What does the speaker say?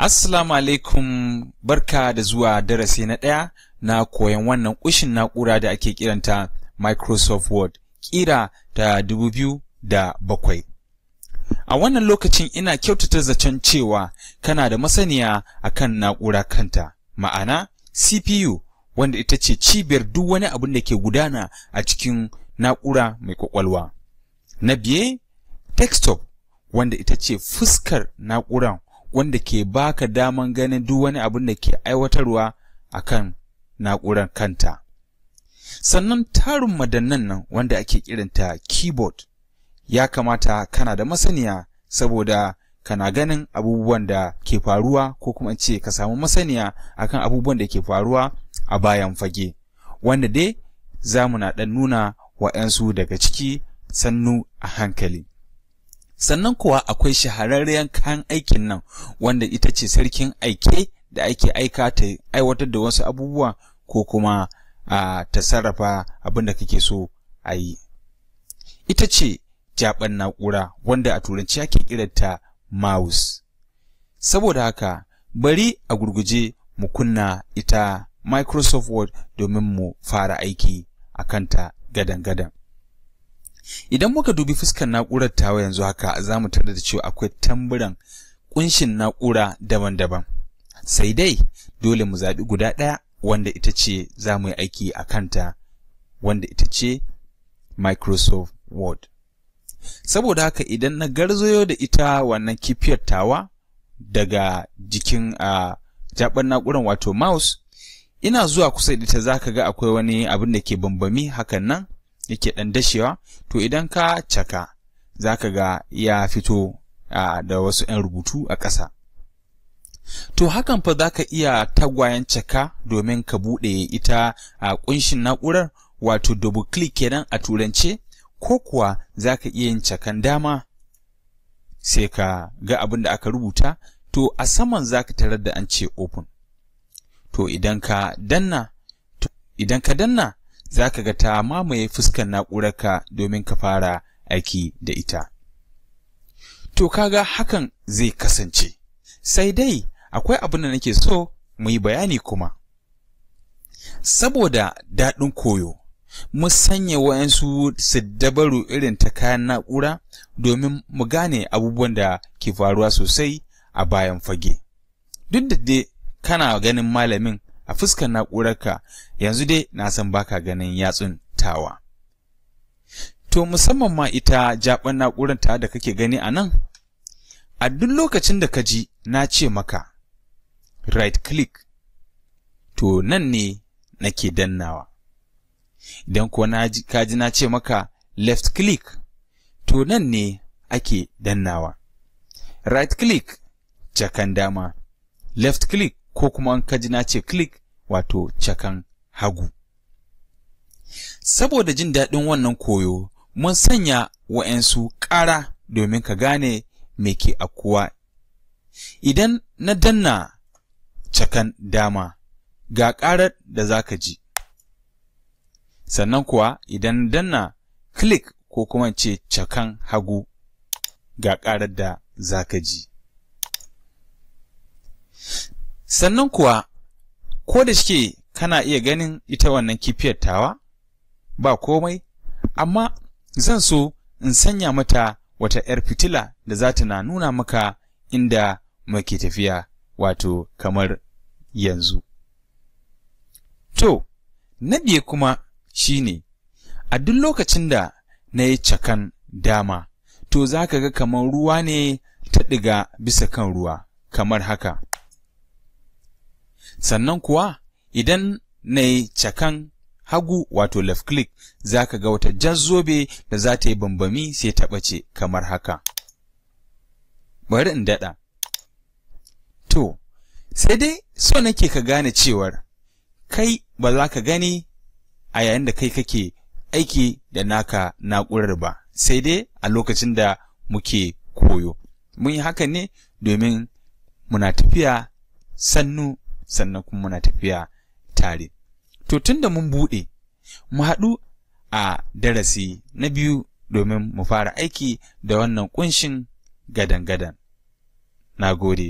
Assalamu alaikum barka da zuwa darasi na ɗaya na koyon wannan ƙushin na'ura da ake kiranta Microsoft Word ƙira ta dubu biyu da bakwai. A wannan lokacin ina kyautata zaton cewa kana da masaniya akan na'ura kanta, ma'ana CPU wanda ita ce cibiyar duk wani abin da ke gudana a cikin na'ura mai kwakwalwa. Na biye, desktop wanda ita ce fuskar na'uran wanda ke baka daman ganin duk wani abin da ke aiwatarwa a kan na'urar kanta. Sannan tarin madannan nan wanda ake kiranta keyboard ya kamata kana da masaniya saboda kana ganin abubuwan da ke faruwa ko kuma ce ka samu masaniya akan abubuwan da ke faruwa a bayan fage wanda dai za mu na ɗan nuna wa'yansu daga ciki sannu a hankali. sannan kuwa akwai shahararren kayan aikin nan wanda ita ce sarkin aike da ake aika ta aiwatar da wasu abubuwa ko kuma a ta sarrafa abin da kake so a yi ita ce jaɓan na'ura wanda a turanci ake kiranta Maus. saboda haka bari a gurguje mu kunna ita Microsoft Word domin mu fara aiki a kanta gadan-gadan. idan muka dubi fuskan na'urar tawa yanzu haka za mu tare da cewa akwai tamburan kunshin na'ura daban-daban sai dai dole mu zaɓi guda ɗaya wanda ita ce za mu yi aiki a kanta wanda ita ce Microsoft Word. Saboda haka idan na garzoyo da ita wannan kifiyar tawa daga jikin a jaɓar na'urar wato mouse, ina zuwa kusa da ita za ka ga akwai wani abin da ke bambami hakan nan yake ɗan dashewa to idan ka caka za ka ga ya fito da wasu 'yan rubutu a ƙasa to hakan fa za ka iya tagwayen caka domin ka buɗe ita a ƙunshin na'urar wato double click kenan a turance ko kuwa za ka iya yin cakan dama sai ka ga abin da aka rubuta to a saman za ka tarar da an ce open to idan ka danna za ka ga ta mamaye fuskan na'urarka domin ka fara aiki da ita. To kaga hakan zai kasance, sai dai akwai abin da nake so mu yi bayani kuma. Saboda daɗin koyo, mu sanya wa'yansu su dabaru irin ta kayan na'ura domin mu gane abubuwan da ke faruwa sosai a bayan fage. Duk da dai kana ganin malamin a fuskar na'urarka yanzu dai na san baka ganin yatsun tawa to musamman ma ita jaɓan na'urar ta da kake gani a nan a duk lokacin da ka ji na ce maka right click to nan ne nake dannawa idan kuwa ka ji na ce maka left click to nan ne ake dannawa right click jakan dama left click ko kuma an kaji na ce click wato cakan hagu. Saboda jin daɗin wannan koyo, mun sanya wa'yansu ƙara domin ka gane me ke akuwa. Idan na danna cakan dama, ga ƙarar da za ka ji. Sannan kuwa idan danna click ko kuma ce cakan hagu ga ƙarar da za ka ji. sannan kuwa ko da shike kana iya ganin ita wannan kifiyar tawa ba komai amma zan so in sanya mata wata 'yar fitila da za ta na nuna maka inda muke tafiya wato kamar yanzu. To, na biye kuma shine a duk lokacin da na yi cakan dama, to za ka ga kamar ruwa ne ta ɗiga bisa kan ruwa, kamar haka. sannan kuwa idan na yi cakan hagu wato left click za ka ga wata jazzobe da za ta yi bambami sai ta ɓace kamar haka bari in daɗa to sai dai so nake ka gane cewar kai ba za ka gani a yayin da kai kake aiki da naka na'urar ba sai dai a lokacin da muke koyo mun yi haka ne domin muna tafiya sannu sannan kuma muna tafiya tare to tun da mun buɗe mu haɗu a darasi na biyu domin mu fara aiki da wannan kunshin gadan-gadan na gode